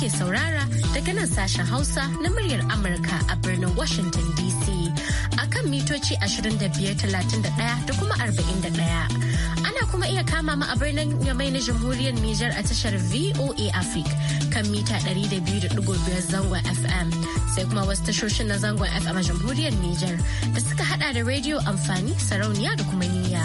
kuke saurara daga nan sashen Hausa na muryar Amurka a birnin Washington DC. A kan mitoci 25,31 da kuma 41. Ana kuma iya kama mu a birnin Yamai na Jamhuriyar Nijar a tashar VOA Africa kan mita 200.5 zangon FM. Sai kuma wasu tashoshin na zangon FM a Jamhuriyar Nijar da suka hada da rediyo amfani sarauniya da kuma niyya.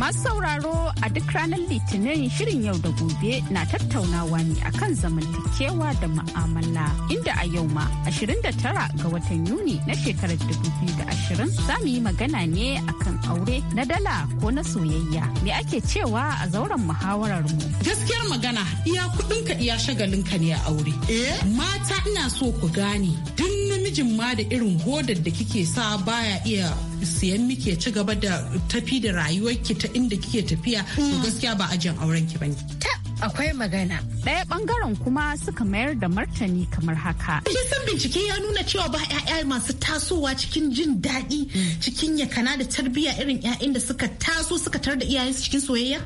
Masu sauraro a duk ranar Litinin shirin yau da gobe na tattaunawa ne akan zamantakewa da ma'amala inda a yau ma 29 ga watan Yuni na shekarar 2020 za mu yi magana ne akan aure na dala ko na soyayya. Me ake cewa a zauren muhawarar mu? Gaskiyar magana iya kudinka iya shagalinka ne a aure. Eh? Mata ina so ku gane duk mijin ma da irin hodar da kike sa baya iya siyan miki ci gaba da tafi da rayuwarki ta inda kike tafiya to hmm. gaskiya ba ajin auren ki bane akwai magana ɗaya bangaren kuma suka mayar da martani kamar haka kin san bincike ya nuna cewa ba ƴaƴa masu tasowa cikin jin daɗi hmm. cikin yakana da tarbiyya irin 'ya'yan da suka taso suka tar da iyayensu cikin soyayya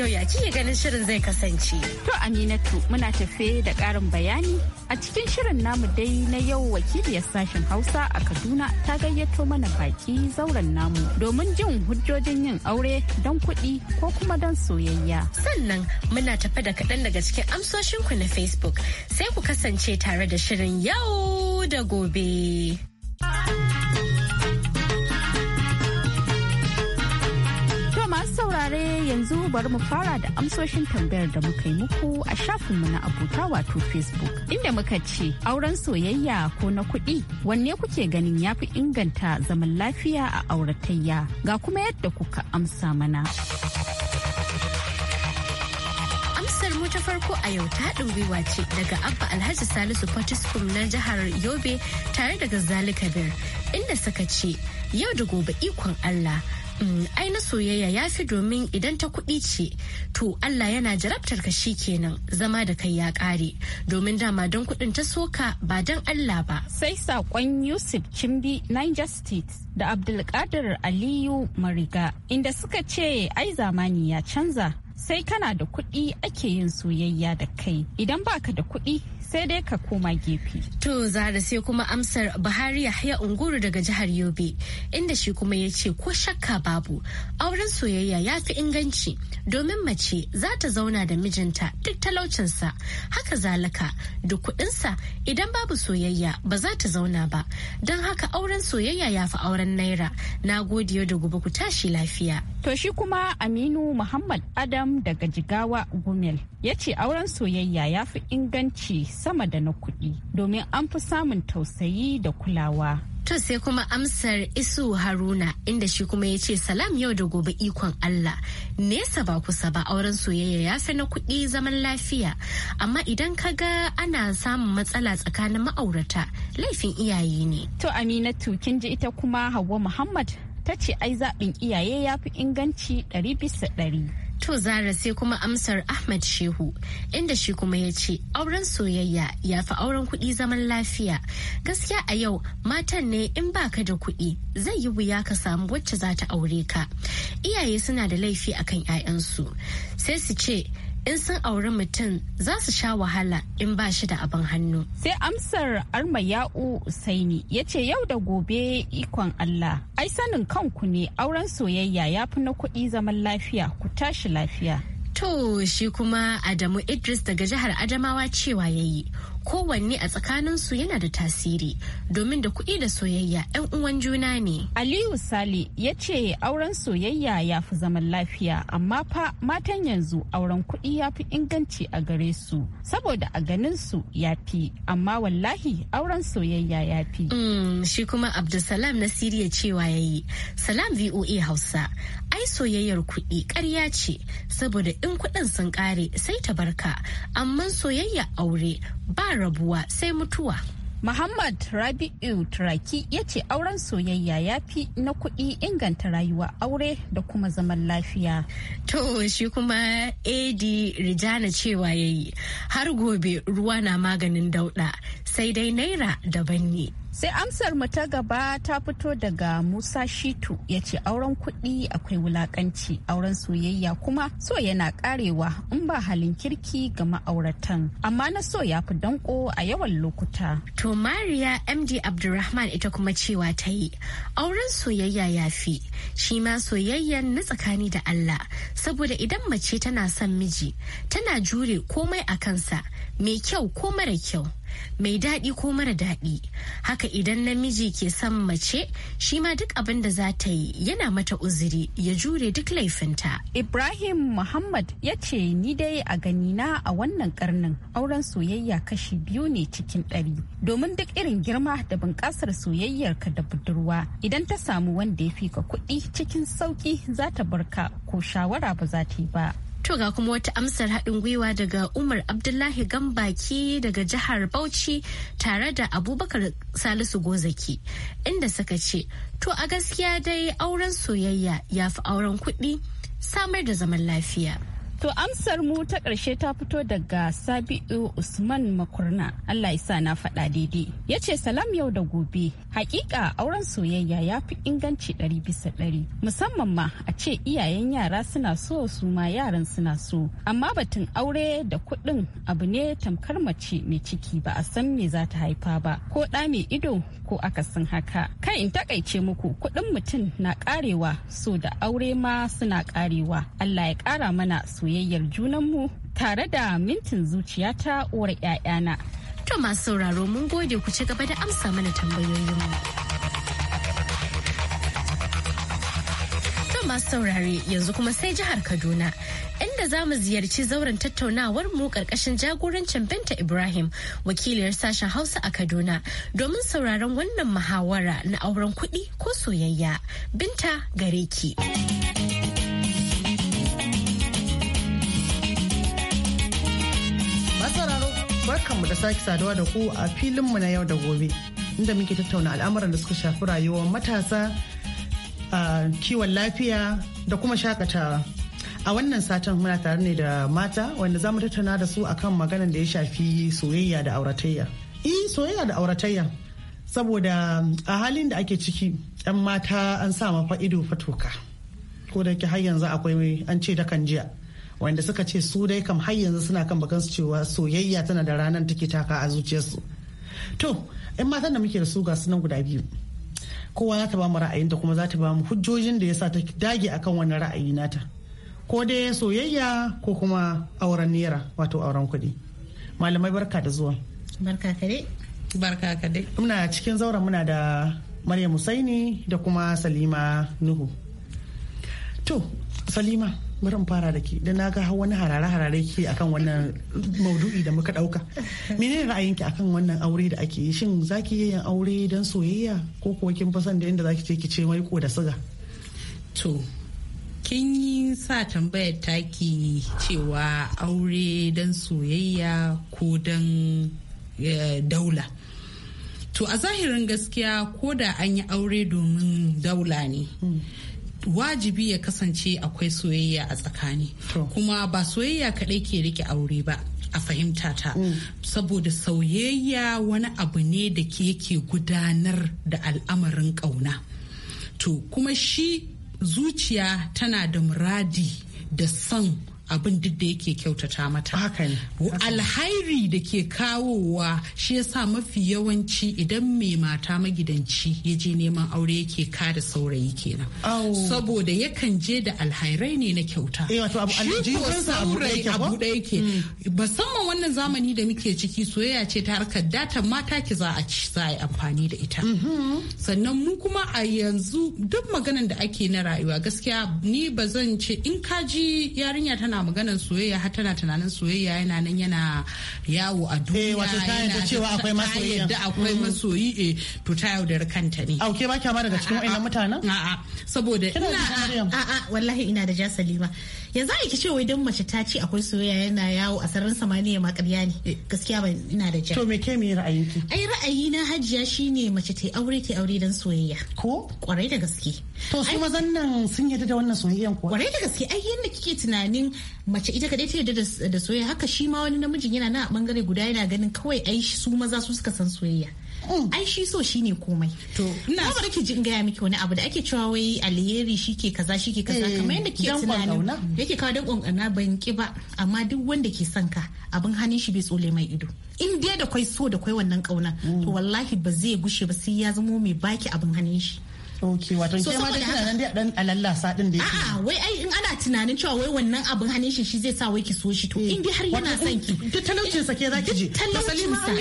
yau ya kike ganin shirin zai kasance. To Aminatu muna tafe da ƙarin bayani a cikin shirin namu dai na yau wakiliyar sashen Hausa a Kaduna ta gayyato mana baki zauren namu domin jin hujjojin yin aure don kuɗi ko kuma don soyayya. Sannan muna tafe da kaɗan daga cikin amsoshin ku na Facebook sai ku kasance tare da shirin yau da gobe. saurare yanzu bari mu fara da amsoshin tambayar da muka yi muku a shafinmu na abota wato Facebook inda muka ce auren soyayya ko na kuɗi wanne kuke ganin ya fi inganta zaman lafiya a auratayya ga kuma yadda kuka amsa mana. ta farko a yau ta ɗorewa ce daga abba alhaji salisu patiskum na jihar yobe tare da gazzali kabir inda suka ce yau da gobe ikon allah Mm, ai na soyayya ya fi domin idan ta kuɗi ce to Allah yana jarabtar ka shi kenan zama da kai ya ƙare domin dama don kuɗin ta soka ba don Allah ba. Sai saƙon Yusuf Kimbi Niger State da Abdulkadir Aliyu Mariga inda suka ce ai zamani ya canza sai kana da kuɗi ake yin soyayya da kai idan baka da kuɗi sai dai ka koma gefe. To zara sai kuma amsar Buhari Yahya Unguru daga jihar Yobe inda shi kuma ya ce ko shakka babu auren soyayya ya fi inganci domin mace za ta zauna da mijinta duk talaucinsa haka zalika duk kuɗinsa idan babu soyayya ba za ta zauna ba don haka auren soyayya ya fi auren naira na gode da gobe ku tashi lafiya. To shi kuma Aminu Muhammad Adam daga Jigawa Gumel ya ce auren soyayya ya fi inganci sama da na kuɗi domin an fi samun tausayi da kulawa. To sai kuma amsar Isu Haruna inda shi kuma ya ce salam yau da gobe ikon Allah nesa ba kusa ba auren soyayya ya fi na kuɗi zaman lafiya amma idan ka ga ana samun matsala tsakanin ma'aurata laifin iyaye ne. To Aminatu kin ji ita kuma Hauwa Muhammad ta ce ai zaɓin iyaye ya fi inganci ɗari bisa ɗari. To zara sai kuma amsar Ahmad Shehu inda shi kuma ya ce auren soyayya ya fi auren kuɗi zaman lafiya. Gaskiya a yau matan ne in baka da kuɗi zai yi wuya ka samu wacce za ta aure ka. Iyaye suna da laifi akan 'ya'yansu sai su ce in sun auri mutum za su sha wahala in ba shi da abin hannu. Sai amsar ya'u Saini ya ce yau da gobe ikon Allah. Ai sanin kanku ne auren soyayya ya fi na kuɗi zaman lafiya ku tashi lafiya. To shi kuma Adamu Idris daga jihar Adamawa cewa yayi. kowanne a tsakanin su yana da tasiri domin da kuɗi da soyayya 'yan uwan juna ne. Aliyu Sali ya ce auren soyayya ya fi zaman lafiya amma fa matan yanzu auren kuɗi ya fi inganci a gare su saboda a ganin su ya fi amma wallahi auren soyayya ya fi. Mm, shi kuma Abdulsalam nasiri ya cewa ya yi. Salam VOA Hausa. ai soyayyar kuɗi ƙarya ce saboda in kuɗin sun ƙare sai ta barka amma soyayya aure ba rabuwa sai mutuwa. Muhammad Rabi'u Turaki ya ce auren soyayya ya fi na kuɗi inganta rayuwa aure da kuma zaman lafiya. To shi kuma AD Rijana cewa ya yi har gobe ruwa na maganin dauɗa sai dai naira daban ne. sai amsar mu ta gaba ta fito daga musa shitu ya ce auren kuɗi akwai wulakanci auren soyayya kuma so yana karewa in ba halin kirki ga ma'auratan amma na so ya fi danko a yawan lokuta to mariya md abdulrahman ita kuma cewa ta yi auren soyayya ya fi shi ma soyayyan na tsakani da allah saboda idan mace tana son miji tana jure komai a kansa mai kyau ko mara kyau mai daɗi ko mara daɗi haka idan namiji ke son mace shi ma duk abin da za ta yi yana mata uzuri ya jure duk laifinta ibrahim muhammad ya ce ni dai a ganina a wannan karnin auren soyayya kashi biyu ne cikin ɗari domin duk irin girma da bunƙasar soyayyarka da budurwa idan ta samu wanda ya fi ka kuɗi cikin sauƙi za ta barka ko shawara ba za ta yi ba To ga kuma wata amsar haɗin gwiwa daga Umar Abdullahi Gambaki daga jihar Bauchi tare da Abubakar Salisu Gozaki inda suka ce, To a gaskiya dai auren soyayya ya fi auren kuɗi samar da zaman lafiya. To amsar mu ta ƙarshe ta fito daga Sabi'u Usman Makurna. Allah isa na faɗa daidai. Ya ce salam yau da gobe. Hakika auren soyayya ya fi inganci ɗari bisa ɗari. Musamman ma a ce iyayen yara suna so su ma yaran suna so. Amma batun aure da kuɗin abu ne tamkar mace mai ciki ba a san me za ta haifa ba. Ko ɗa mai ido ko akasin haka. kan in takaice muku kuɗin mutum na ƙarewa so da aure ma suna ƙarewa. Allah ya ƙara mana soyayya. soyayyar junanmu tare da mintin zuciya ta uwar 'ya'yana. To masu sauraro mun gode ku ci gaba da amsa mana tambayoyinmu. To masu saurare yanzu kuma sai jihar Kaduna. inda za mu ziyarci zauren tattaunawar mu karkashin jagorancin Binta Ibrahim wakiliyar sashen Hausa a Kaduna domin sauraron wannan muhawara na auren kuɗi ko soyayya. Binta gare ki. mu da sake saduwa da ku a filinmu na yau da gobe inda muke tattauna al'amuran da suka shafi rayuwar matasa kiwon lafiya da kuma shakatawa a wannan satin muna tare ne da mata wanda za mu tattauna da su akan maganan da ya shafi soyayya da auratayya eh soyayya da auratayya saboda a halin da ake ciki 'yan mata an sa mafa ido fatoka ko da ke har yanzu akwai an ce dakan jiya wanda suka ce su dai kam har yanzu suna kan su cewa soyayya tana da ranar take taka a zuciyarsu to in matan da muke da su ga sunan guda biyu kowa za ta ba mu ra'ayin da kuma za ta ba mu hujjojin da yasa ta dage akan wannan ra'ayi nata ko dai soyayya ko kuma auren naira wato auren kuɗi malamai barka da zuwa barka ka dai barka ka dai muna cikin zauren muna da maryam musaini da kuma salima nuhu to salima muran fara da ke da na ga wani harare-harare ke akan wannan maudu'i da muka dauka menene ra'ayinki akan wannan aure da ake yi shin zaki yi yin aure don soyayya ko kuwa kin fasan da inda ki ce ki ce mai ko da siga to kin yi sa tambayar taki cewa aure don soyayya ko don daula to a zahirin gaskiya ko da an yi aure domin daula ne hmm. wajibi ya kasance akwai soyayya a tsakani kuma ba soyayya kaɗai ke rike aure ba a fahimta ta mm. saboda soyayya wani abu ne da ke yake gudanar da al'amarin ƙauna to kuma shi zuciya tana da muradi da son abin duk da yake kyautata mata alhairi da ke kawowa shi yasa mafi yawanci idan mai mata magidanci ya je neman aure yake kada saurayi kenan saboda yakan je da alhairai ne na kyauta eh, shi ko hmm. musamman wannan zamani da muke ciki soyayya ce ta harkar datan mata ki za a ci za a yi amfani da ita mm-hmm. sannan mu kuma a yanzu duk maganan da ake na rayuwa gaskiya ni ba zan ce in kaji yarinya tana maganar soyayya har tana tunanin soyayya yana nan yana yawo a duniya. Eh wato ta yadda cewa akwai masoyi. Ta akwai mm. masoyi eh to ta yaudar kanta ne. Auke ba kyama daga cikin wayannan mutanen? A'a saboda ina a'a wallahi ina da jasalima. ya za ce wai don mace ta ce akwai soyayya yana yawo a sararin samaniya ma ƙarya ne eh. gaskiya ba ina da ja to me ke ra'ayi ra'ayinki ai ra'ayi na hajiya shine mace ta aure ta aure don soyayya ko kwarai da gaske to su mazan nan sun yarda da wannan soyayyan ko kwarai da gaske ai yanda kike tunanin mace ita kadai ta yarda da soyayya haka shi ma wani namijin yana na bangare guda yana ganin kawai ai su maza su suka san soyayya Mm. ai shi so shi ne komai to ina so ki jin gaya miki wani abu da ake cewa wai alheri shike kaza shike kaza eh, kamar yadda ke tunanin yake kawo dan kankana ban ki ba amma duk wanda ke son ka abin hannun shi bai tsole mai ido in dai da kwai so da kwai wannan kauna mm. to wallahi ba zai gushe ba sai ya zamo mai baki abin hannun shi ok wato ke ma da tunanin nan dai dan sa din yake a'a wai ai in ana tunanin cewa wai wannan abin hanin shi shi zai sa wai ki so shi to eh. in dai har yana son ki duk eh, talaucin sa ke zaki ji talaucin sa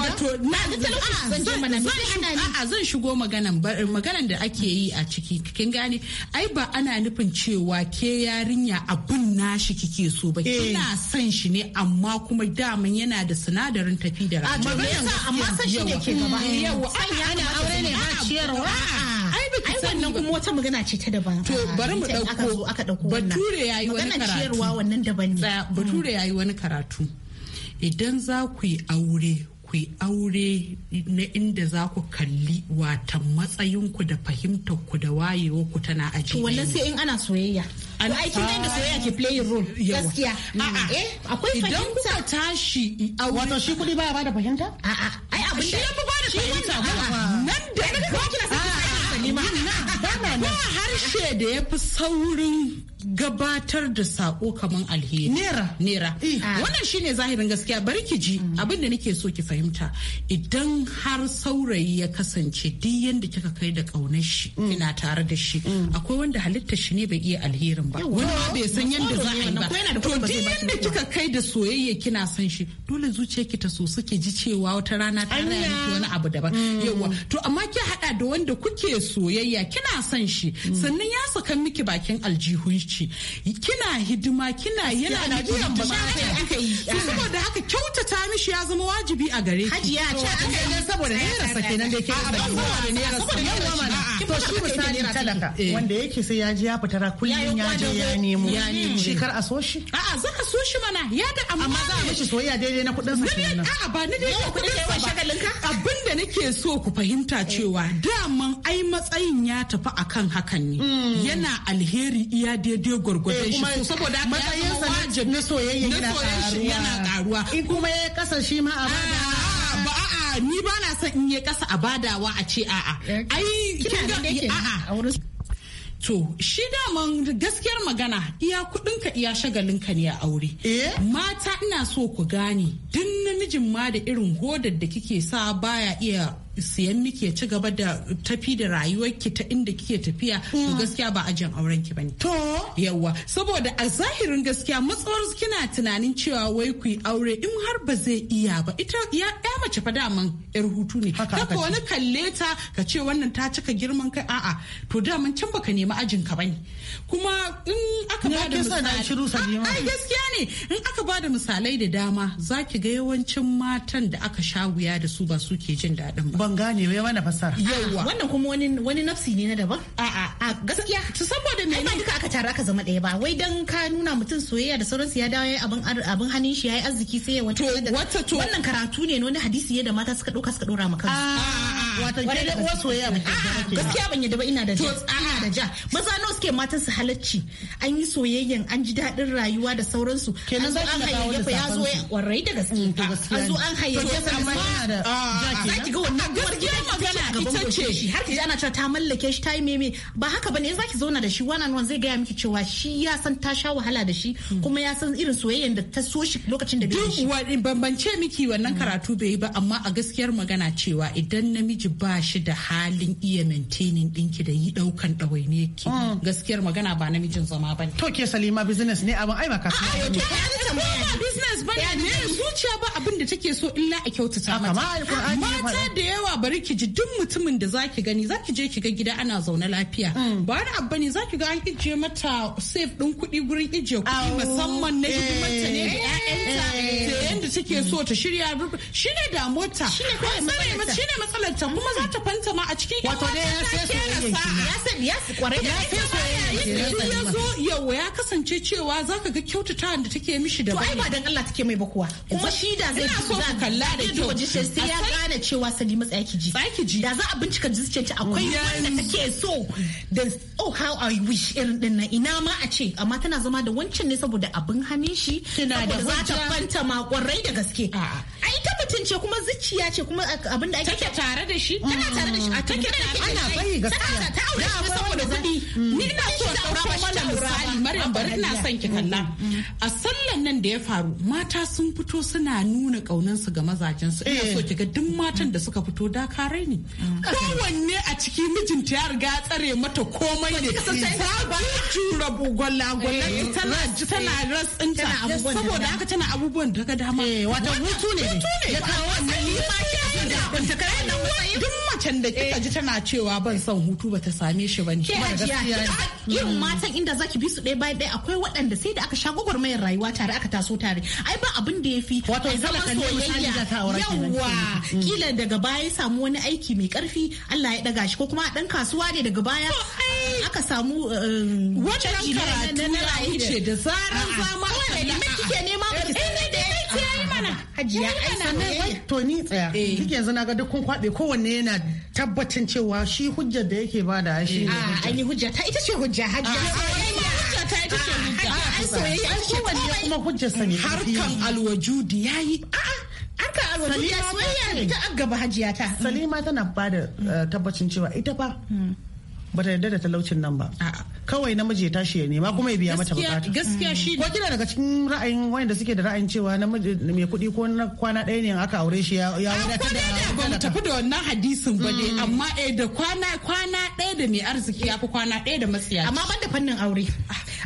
wato na duk talaucin zan je mana a'a zan shigo maganan maganan da ake yi a ciki kin gane ai ba ana nufin cewa ke yarinya abun nashi kike so ba eh. kina son shi ne amma kuma daman yana da sinadarin tafi da rayuwa amma san shi ne ke gaba yawa ana aure ne ba ciyarwa ai ba ka wannan kuma wata magana ce ta daban to bari mu dauko aka dauko wannan bature yayi wani karatu magana ciyarwa wannan daban ne mm. bature yayi wani karatu idan za ku yi aure ku yi aure na inda za ku kalli watan matsayinku da ku da ku tana aji wannan sai in ana soyayya to ai kin da soyayya ke playing role gaskiya a'a mm. eh akwai fahimta idan kuka tashi aure wato shi kudi baya bada fahimta a'a ai abin da shi ya bada fahimta nan da kina ba harshe da ya fi saurin gabatar da sako kaman alheri nera nera eh. wannan shine zahirin gaskiya bari ki ji mm. abin da nake so ki fahimta idan har saurayi ya kasance duk yanda kika kai da kaunar shi mm. ina tare da shi mm. akwai wanda halitta shi ne bai iya alherin ba wani ma bai san yanda za a yi ba to duk yanda kika kai da soyayya kina san shi dole ki ta so suke ji cewa wata rana ta rana wani abu daban yawa to amma ki haɗa da wanda kuke soyayya kina san shi sannan ya saka miki bakin aljihun zumunci kina hidima kina yana da biyan yi. saboda haka kyautata mishi ya zama wajibi a gare ki hajiya ce an kai saboda naira sa kenan da ke ba saboda ne sa yawa mana to shi misali talaka eh. wanda yake sai ya ji ya fitara kullum ya je ya nemo shi kar a so shi a'a za ka so shi mana ya da amma za a mishi soyayya daidai na kudin sa kenan a'a ba ni daidai kudin sa ba abin abinda nake so ku fahimta eh. cewa daman ai matsayin ya tafi akan hakan ne hmm. yana alheri iya daidai daidai gwargwadon eh, shi saboda matsayinsa na soyayya yana karuwa in kuma ya kasa shi ma a bada ah, ah, ah, ni ba na son in ya kasa a badawa a ce a'a eh, ai kin ga a'a To, shi daman gaskiyar magana iya kudinka iya shagalinka ne a aure. Eh? Mata ina so ku gane, duk namijin ma da irin hodar da kike sa baya iya siyan miki ya ci gaba da tafi da rayuwarki ta inda kike tafiya to hmm. gaskiya ba ajin auren ki bane to yawa saboda a zahirin gaskiya matsawar kina tunanin cewa wai ku yi aure in har ba zai iya ba ita ya ya mace fa daman yar hutu ne haka wani kalle ta ka ce wannan ta cika girman kai a'a to daman can baka nemi ajin ka bane kuma in aka ba da misali ai gaskiya ne in aka ba da misalai da dama zaki ga yawancin matan da aka sha wuya da su ba su ke jin daɗin ba ban gane bai mana fasara Yawwa. wannan kuma wani wani nafsi ne na daban a a gaskiya to saboda me ba duka aka tare aka zama daya ba wai dan ka nuna mutum soyayya da sauransu ya dawo abin abin hannun shi yayi arziki sai ya wata to wannan karatu ne wani hadisi ne da mata suka dauka suka dora maka a ah. wato ke da uwar soyayya ba ke gaskiya ban yadda ba ina da ja ina da ja maza nawa suke matan su halacci an yi soyayyan an ji daɗin rayuwa da sauransu kenan an hayayyafa ya zo ya kwarai da gaske mm, an zo an hayayyafa amma za ki ga wannan uwar gida magana ita ce har ki ji ana cewa ta mallake shi ta yi meme ba haka bane za ki zauna da shi wannan wannan zai gaya miki cewa shi ya san ta sha wahala da shi kuma ya san irin soyayyan da ta so shi lokacin da bai shi duk bambance miki wannan karatu bai yi ba amma a gaskiyar magana cewa idan namiji mijinki ba shi da halin iya maintaining dinki da yi ɗaukan ɗawainiyar ke. Mm. gaskiyar magana ba namijin zama ba to ke salima business ne abin ai ba kasuwa ne business ba ne zuciya ba abin da take so illa a kyautata mata mata da yawa bari ki ji duk mutumin da zaki gani zaki je ki ga gida ana zaune lafiya mm. ba wani abu ne zaki ga an ijiye mata safe din kuɗi gurin ijiye kuɗi musamman na hidimarta ne da eh. ƴaƴanta da yadda take so ta shirya shi ne damuwarta shi ne matsalar ta kuma za ta fanta ma a cikin yan wata ta kera sa ya su kware da ya ya zo yawa ya kasance cewa za ka ga kyautata da take mishi da bai ba dan Allah take mai bakuwa kuma shi da zai so ka kalla da kyau sai ya gane cewa Salima tsaki ji tsaki ji da za a bincika zuciyarta akwai wanda take so da oh how i wish irin din na ina ma a ce amma tana zama da wancan ne saboda abin hanin shi tana da za ta fanta ma kwarai da gaske ita mutum ce kuma zuciya ce kuma abin da ake tare da shi tana tare da shi a take ana bai gaskiya ta aure shi saboda kuɗi mm. ni ina so ta aure wannan misali Maryam bari ina son ki kalla mm. a sallan nan da ya faru mata sun fito suna nuna su ga mazajen su ina so eh. ki ga duk matan da suka fito dakarai mm. ne kowanne a ciki mijinta ya riga tsare mata komai ne ta rabu gwalla gwalla tana eh. tana rasinta saboda haka tana abubuwan daga dama eh, wata hutu ne ne kawo wannan ni ma ke da banta kai nan duk macen da kika ji tana cewa ban son hutu ba ta same shi bane ke ajiya irin hmm. matan inda zaki bi su ɗaya bayan ɗaya akwai waɗanda sai da aka sha gwagwarmayar rayuwa tare aka taso tare ai ba abin da yafi wato zama soyayya yawa hmm. kila daga baya ya samu wani aiki mai ƙarfi Allah ya ɗaga shi ko kuma ɗan kasuwa ne daga baya aka samu eh, wannan karatu na rayuwa da zaran zama kawai da kike nema ba eh, ki mana hajiya to ni tsaya eh. duk yanzu naga duk kun kwabe kowanne yana tabbacin cewa shi hujjar da yake bada shi ne an ah, yi hujja ta ita ce hujja ah, ta ita ce ne ah, harkan alwajudi yayi alwajudi ya soyayya ta hajiya ta salima tana bada eh, tabbacin cewa ita ba. ba ta yarda da talaucin nan ba kawai namiji ya tashi ya nema kuma ya biya mata bukata gaskiya mm. shi ko kina daga cikin ra'ayin wanda suke da ra'ayin cewa namiji mai kuɗi ko na kwana ɗaya ne aka aure shi ya ya ah, wadata da ba mu tafi da wannan hadisin ba ne mm. amma eh da kwana kwana ɗaya da mai arziki ya fi kwana ɗaya da masiya amma ban da fannin aure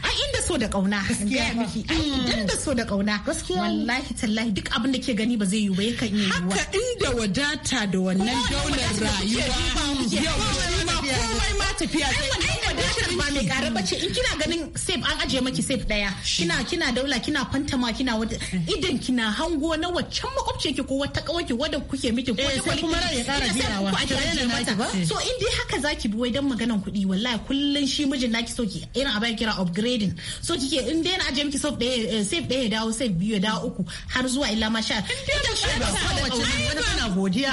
a inda so da kauna gaskiya miki mm. idan da so da kauna gaskiya wallahi tallahi duk abin da ke gani ba zai yi ba yakan yi haka inda wadata da wannan daular rayuwa yau tafiya sai ai wadatar ba mai ba ce in kina ganin safe an aje maki safe daya kina kina daula kina fantama kina wata eh. idan kina hango na waccan makwabci ki ko wata kawai wadda kuke miki ko eh, ta kuma rai ya ƙara mata. so in dai haka zaki bi wai dan maganan kuɗi wallahi kullun shi mijin naki so ki irin abin kira upgrading so kike in dai na aje miki safe daya eh, safe daya ya dawo safe biyu ya dawo uku har zuwa illa ma sha. Ita ce ba kowace wani suna godiya.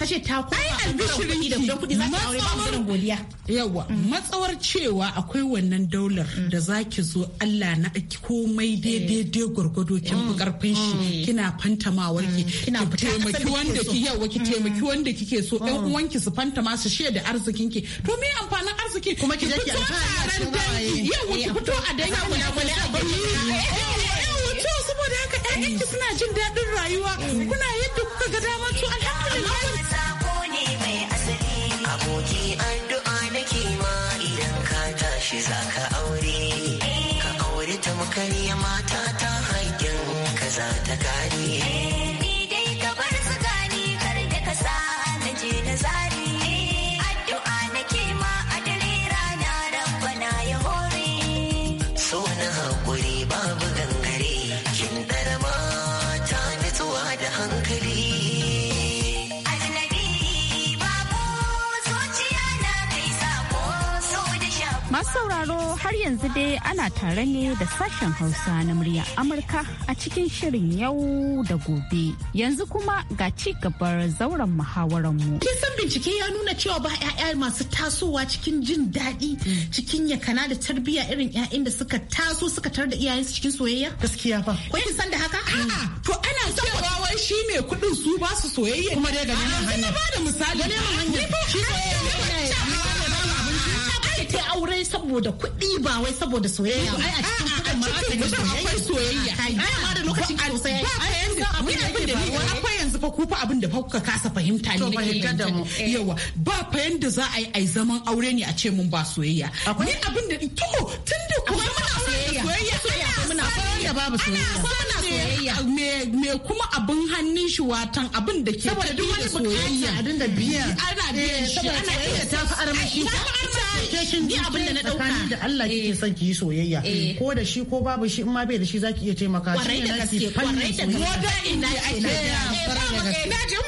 ta ce ta kuma ai albishirin ki da kuɗi za ki aure ba mu godiya yawa mm. matsawar cewa akwai wannan daular mm. da za ki zo Allah na komai eh. daidai gwargwado kin fi karfin mm. shi kina fantamawar ki kina taimaki wanda ki yawa ki taimaki wanda kike so ɗan uwanki su fantama su shaida arzikin ki to me amfanin arziki kuma ki je ki alfahari yawa ki eh, fito a dangi kuna kula a banki saboda haka ƴaƴanki suna jin daɗin rayuwa kuna yadda kuka ga karya mata ta haƙƙin kaza ta kare. yanzu dai ana tare ne da sashen Hausa na murya Amurka a cikin shirin yau da gobe. Yanzu kuma ga ci gabar zauren mu Kin san bincike ya nuna cewa ba 'ya'ya masu tasowa cikin jin daɗi cikin yakana da tarbiyya irin 'ya'yan da suka taso suka tar da iyayensu cikin soyayya? Gaskiya ba. Ko kin san da haka? Mm. to ana cewa wai shi ne kuɗin su ba su soyayya. Kuma dai ga neman hanya. Ba da misali. ne hanya. ta aure saboda kuɗi ba wai saboda soyayya ai a cikin kuɗin ma aka yi akwai soyayya ai ma da lokacin ki sosai ai yanzu abin da ni akwai yanzu fa ku fa abin da fa kuka kasa fahimta ne fahimta da mu eh. yawa ba fa yanda za a yi ai zaman aure ne a ce mun ba soyayya ni abin da to tunda kuma aure soyayya soyayya Ana wanda babu soyayya me kuma abin hannun shi watan abin da ke saboda duk wani a biya ana biya eh, shi ana iya tafi armashi ta ni abin da na dauka da Allah ke eh. son ki soyayya eh. ko da shi ko babu shi in ma bai da shi zaki iya taimaka shi ne nake ko da ina ake na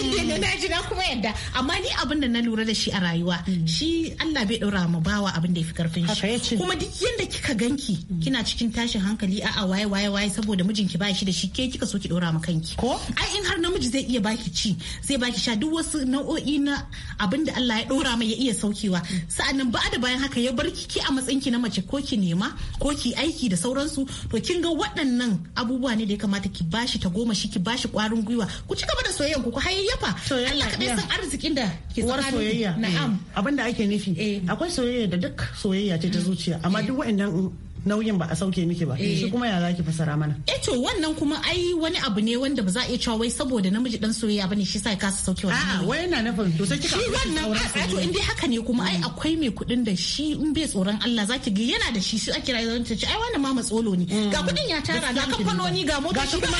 inda ne na ji na kuma yadda amma ni abin da na lura da shi a rayuwa mm. shi Allah bai daura ma bawa abin da karfin shi kuma duk yanda kika ganki mm. kina cikin tashin hankali a a waye waye waye saboda mijinki ba shi da shi ke kika so ki daura ma kanki ko ai in har namiji zai iya baki ci zai baki sha duk wasu nau'o'i na abin da Allah ya dora mai ya iya saukewa mm. sa'annan ba da bayan haka ya bar ki a matsayin ki na mace ko ki nema ko ki aiki da sauransu to kin ga waɗannan abubuwa ne da ya kamata ki bashi ta goma shi ki bashi kwarin gwiwa ku ci gaba da soyayyan ku har soyayya fa Allah kaɗai san arzikin da ke tsakanin na'am abin da ake nufi eh. akwai soyayya da duk soyayya ce ta zuciya amma eh. duk wa'annan nauyin ba a sauke miki ba shi eh. kuma ya zaki fasara mana eh to wannan kuma ai wani abu ne wanda ba za a iya cewa wai saboda namiji dan soyayya bane shi sa kasa sauke wannan a'a wai yana nufin to sai kika shi wannan a to in dai haka ne kuma ai mm. akwai mai kudin da shi in bai tsoron Allah zaki ga yana da shi shi ake rayuwar ta ce ai wannan ma matsolo ne mm. ga kudin ya tara ga kamfanoni ga mota shi kuma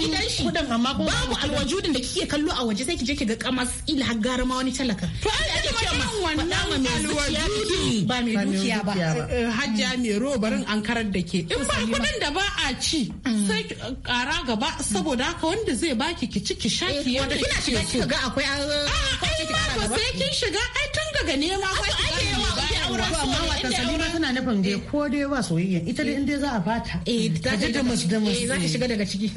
gidan shi kudin amma kuma babu alwajudin da kike kallo a waje sai ki je ki ga kamas ila har gara ma wani talaka to ai wannan alwadudin ba mai dukiya ba eh, hajja mm. mai robarin an karar da ke in ba kudin da ba a ci mm. sai kara eh, gaba mm. saboda haka wanda zai baki ki ci ki sha eh, ki yadda kina shiga kika ga akwai a sai kin shiga ai tun daga nema ba amma watan salima tana nufin dai eh. ko dai ba soyayya ita dai eh. in dai za a bata eh, ta ji da musu da musu za ta shiga daga ciki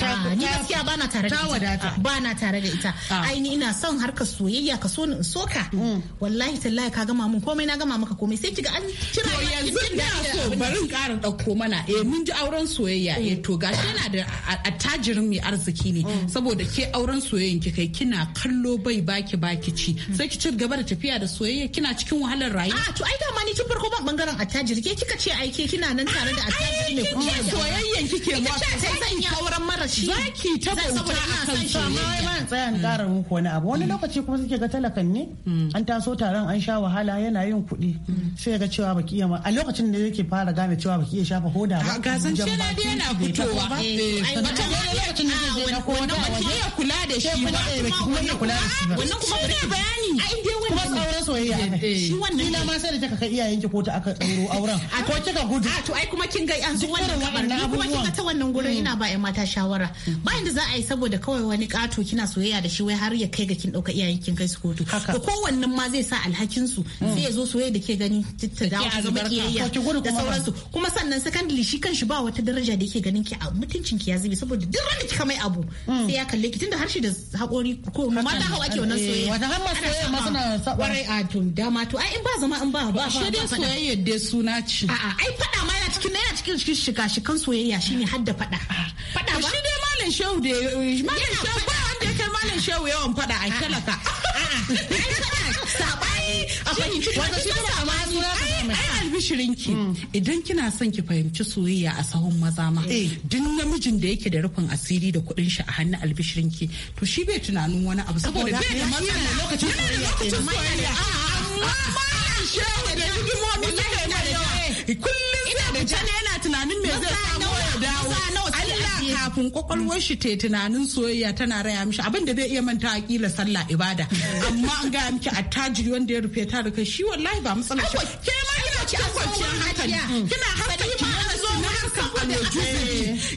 ah, ni gaskiya ba na tare da ita ba na tare da ita ah. ai ni ina son harkar soyayya ka so ni in soka mm. wallahi tallahi ka gama mun komai na gama maka komai sai kiga an kira to yanzu ina so bari in ƙara dauko mana eh mun ji auren soyayya eh to gashi yana da attajirin mai arziki ne mm. saboda ke auren soyayyan ki kai kina kallo bai baki baki ci mm. sai ki ci gaba da tafiya da soyayya kina cikin wahalar rayuwa ah, ai dama ma ni tun farko ban bangaren attajiri ke kika ce ai ke kina nan tare da attajiri ne kuma soyayyen kike ma sai zan yi auren marashi zaki ta bauta kan shi ma ban tsayan karar muku wani abu wani lokaci kuma suke ga talakan ne hmm. an taso taron an sha wahala yana yin kuɗi hmm. sai ga cewa baki iya a lokacin da yake fara gane cewa baki iya shafa hoda ba ah, ga san ce na dai yana fitowa mutum eh, ta lokacin da zai na ko wani ba ki iya kula da shi ba eh, kuma kula da shi ba wannan kuma bayani a inda wannan kuma sauran soyayya eh, shi wannan na ma sai ka kai iyayenki ko ta aka tsoro auren ko kika gudu a to ai kuma kin ga yanzu wannan gabar ni kuma kika ta wannan gurin mm. ina ba ƴan mata shawara mm. ba inda za a yi saboda kawai wani kato kina soyayya da shi wai har ya kai ga kin dauka iyayen kin kai su kotu to kowannen ma zai sa alhakin su mm. sai ya zo soyayya da ke gani titta da ta zama kiyayya da sauransu kuma sannan secondly shi kanshi ba wata daraja da yake ganin ki a mutuncin ki ya zube saboda duk ranar ki kamai abu sai ya kalle ki tunda harshe da haƙori ko mata hawa ke wannan eh, soyayya wata har ma soyayya ma suna kwarai a to dama to ai in ba zama in ba ba shi dai soyayya dai suna ce a'a ai fada ma yana cikin yana cikin shika shikan soyayya shine har da fada fada ba shi dai malam shehu da eh, eh, malam shehu ba wanda ya kai malam shehu yawan fada a talaka sabai a fahimci wanda shi kuma ma suna ai albishirinki hmm. idan kina son ki fahimci soyayya a sahun maza ma eh. duk namijin da yake da rufin asiri da kuɗin shi a hannun albishirinki to shi bai tunanin wani abu saboda bai da matsala lokacin soyayya shewa da da can yana tunanin me zai samu ya dawo Allah kafin kwakwalwar shi ta tunanin soyayya tana raya mishi abin da zai iya manta kila sallah ibada amma an gaya miki attajiri wanda ya rufe ta da kai shi wallahi ba matsala shi ke ma kina cikin kwanciyar hankali kina hankali ma an zo harkan alwaju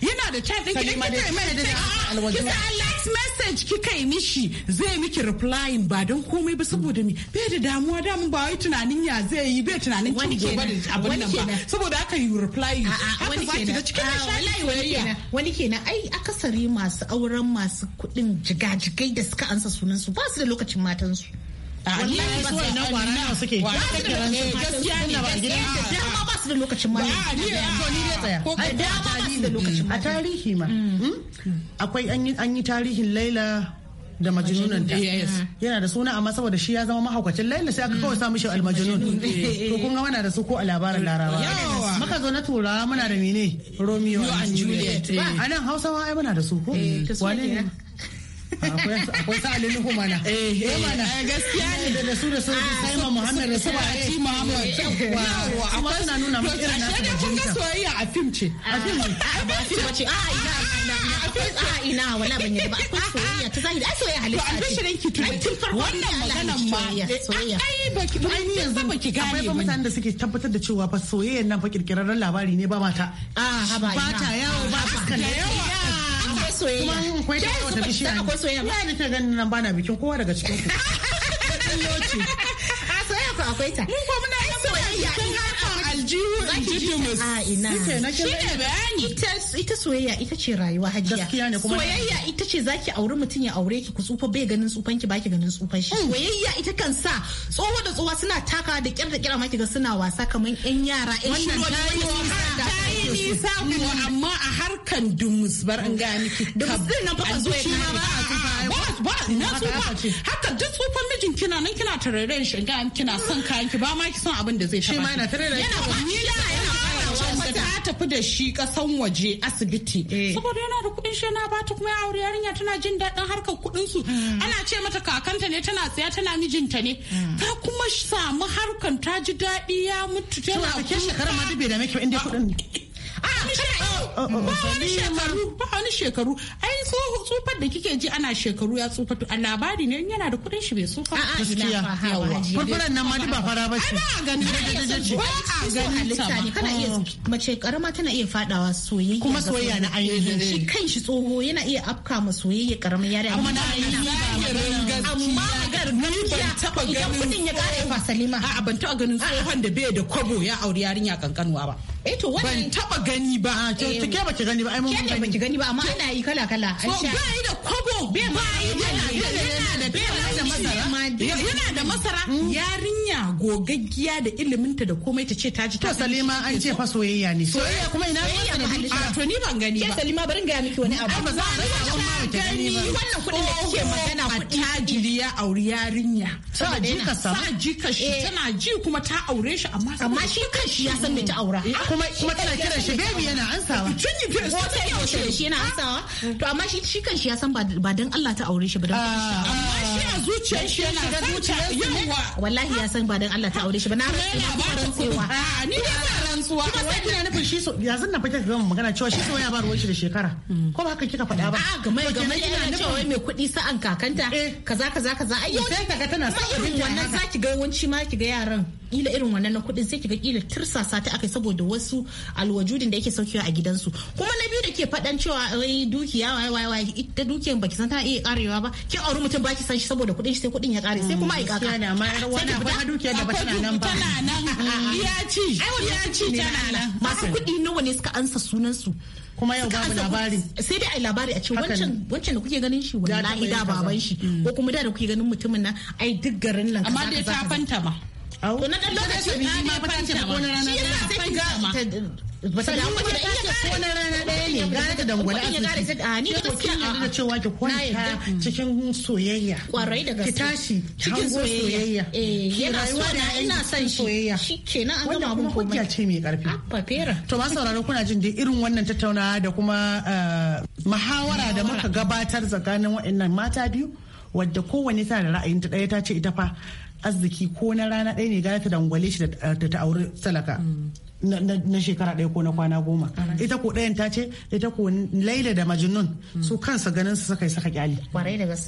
yana da can din ki mai da Allah text message kika yi mishi zai miki replying ba don komai ba saboda mi bai da damuwa da mun ba wai tunanin ya zai yi bai tunanin cin gobe da abin nan ba saboda aka yi reply wani kenan cikin wani kenan ai akasari masu auren masu kuɗin jigajigai da suka ansa sunan su ba su da lokacin matan su wallahi su wannan kwara suke gaskiya ne ba gidan eh, su da lokacin ma. A tarihi ma. Mm. Hmm? Akwai an yi tarihin Laila da majinunan ta hmm. yana da suna amma saboda shi ya zama mahaukacin laila sai aka kawai samu shi mm. almajnun mm. to eh, eh. kun ga wana da su ko a labarin larabawa maka zo na turawa muna da mene romeo and juliet eh. a nan hausawa ai muna da su ko wane ne akwai sa Ali Nuhu mana eh eh mana gaskiya ne da su da su Saima Muhammad da su ba ci Muhammad yawa akwai suna nuna maka irin na da kun ga soyayya a film ce a film ba film ce a ina ina ina a ina wala ban yi ba akwai soyayya ta zahiri ai soyayya halitta ce to an shirin ki tun wannan maganan ma soyayya ai ba ki ba ni yanzu ba ki gane akwai mutanen da suke tabbatar da cewa fa soyayyan nan fa kirkirarren labari ne ba mata a ba ta yawo ba ta yawo soyayya. Kuma akwai ta wata bishiya. akwai soyayya. Ya nake ganin nan bana bikin kowa daga cikin ku. A soyayya ku akwai ta. Mun muna yin soyayya. aljihu injidimus a ina shi ne bayani ita soyayya ita ce rayuwa hajiya soyayya ita ce zaki auri mutum ya aure ki ku tsufa bai ganin tsufan ki baki ganin tsufan shi oh. soyayya ita kan sa tsoho da tsohuwa suna taka da kyar da kira ma ga suna wasa kamar yan yara yan shi yi nisa ku mm. amma a harkan dumus bar an ga miki mm. dumus din nan fa zo ya ba ba ina tsufa haka duk tsufan mijin kina nan kina tarare shi ga kina son kayan ki ba ma ki son abin da zai taba shi ma yana tarare yana Jamila yana farawa ta tafi da shi kasan waje asibiti. Saboda yana da kuɗin shi na bata kuma ya aure yarinya tana jin daɗin harkar kuɗin su. Ana ce mata kakanta ne tana tsaya tana mijinta ne. Ta kuma samu harkan ta ji daɗi ya mutu tana. Tana ke shekara ma duk bai dame ki ba inda kuɗin. Ba wani shekaru ba wani shekaru ai tsufar da kike ji ana shekaru ya tsufa a labari ne yana da kudin shi bai tsufa a gaskiya furfuran nan ma ba fara ba shi ana ganin ba a gani ta kana iya mace karama tana iya oh. fadawa soyayya kuma soyayya na ainihin shi kan shi tsoho yana iya afka ma soyayya karama yare amma na amma magar gaskiya idan kudin ya kare salima. a'a ban taba ganin tsohon da bai da kwabo ya auri yarinya kankanuwa ba Eto eh, wani. wannan ban taba gani ba ke eh, ke baki gani ba ai mun gani ki gani ba amma ana yi kala kala an sha yi da kobo Ba yi da yana da yana da masara yana da masara mm. yarinya gogaggiya da ilimin ta da komai ta ce ta ji ta salima an ce fa soyayya ne soyayya kuma ina a to ni ban gani ba salima bari ga miki wani abu ba za a gani ba. wannan kudin da kike magana kudi jiriya auri yarinya sa jika sa jika shi eh. tana ji kuma ta aure shi amma amma shi kanshi ya san me ta aura kuma kuma tana kiran shi baby yana ansawa tun yi fiye wata yaushe shi yana ansawa to amma shi shi kan shi ya san ba dan Allah ta aure shi ba dan amma ah, shi a zuciyar shi yana da zuciyar yawa wallahi ya san ba dan Allah ta aure shi ba na rantsewa ah, ni ba gaisuwa kuma sai kina nufin shi so yanzu na fita ga magana cewa shi so ya ba ruwan shi da shekara ko ba haka kika faɗa ba a'a game game kina nufin wai mai kuɗi sa'an kakanta eh. kaza kaza kaza ai sai kaga tana sa irin wannan zaki ga yawanci ma kiga yaran kila irin wannan na kuɗin sai kiga kila tirsasa ta akai saboda wasu alwajudin da yake saukewa a gidansu kuma na biyu da ke faɗan cewa wai dukiya wai wai wai ita dukiyan baki san ta iya karewa ba kin auri mutum baki san shi saboda kuɗin shi sai kuɗin ya kare sai kuma ai kaka sai ma rawa ba dukiya da ba tana nan ba tana ci ya ci tana kuɗi nawa ne suka ansa sunansu kuma yau babu labari sai dai ai labari a ce wancan wancan da kuke ganin shi wallahi da baban shi mm. ko kuma da kuke ganin mutumin na ai duk garin nan amma dai ta fanta ma to na dan lokaci ne ma ba ta ce ko na rana ba ta damu ba ta ce ko na rana ɗaya ne gane ta dangwala asibiti a ah, ni gaskiya a da ah, cewa ki kwanta hmm. cikin soyayya kwarai da gaske ki tashi cikin soyayya eh yana so na ina son soyayya shikenan an gama abun komai wannan ce mai karfi ba fera to ma sauraro kuna jin dai irin wannan tattaunawa da kuma eh, muhawara da muka gabatar tsakanin waɗannan mata biyu wadda kowanne tana da ra'ayinta ɗaya ta ce ita fa arziki ko na rana ɗaya ne gara ta dangwale shi da eh, ta auri salaka. Mm. na shekara ɗaya ko na kwana goma ita ko ɗayan ta ce ita ko laila da majnun mm. su kansa ganin su saka saka kyali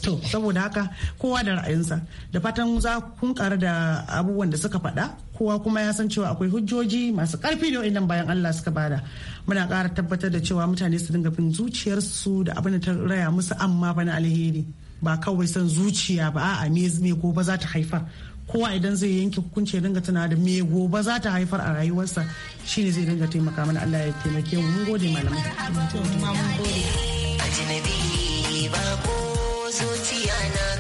to saboda haka kowa da ra'ayinsa da fatan za kun ƙara da abubuwan da suka faɗa kowa kuma ya san cewa akwai hujjoji masu ƙarfi da wa'in bayan Allah suka bada muna kara tabbatar da cewa mutane su dinga bin zuciyarsu da abin da ta raya musu amma bana alheri ba kawai san zuciya ba a'a me me gobe za ta haifar kowa idan zai yanke hukunci ya dinga tana da me gobe za ta haifar a rayuwarsa shine zai dinga taimaka mana Allah ya taimake mu mun gode malamai mun ba ko zuciya na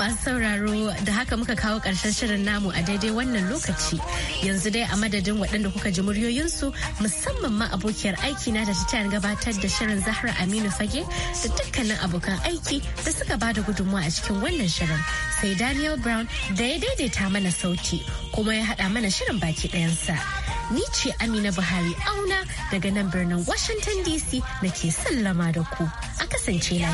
masu sauraro da haka muka kawo ƙarshen shirin namu a daidai wannan lokaci. Yanzu dai a madadin waɗanda kuka ji muryoyinsu musamman ma abokiyar aiki na da ta gabatar da shirin Zahra Aminu Fage da dukkanin abokan aiki da suka ba da gudunmawa a cikin wannan shirin. Sai Daniel Brown da ya daidaita mana sauti kuma ya haɗa mana shirin baki ɗayansa. Ni ce Amina Buhari auna daga nan birnin Washington DC da ke sallama da ku. A kasance na.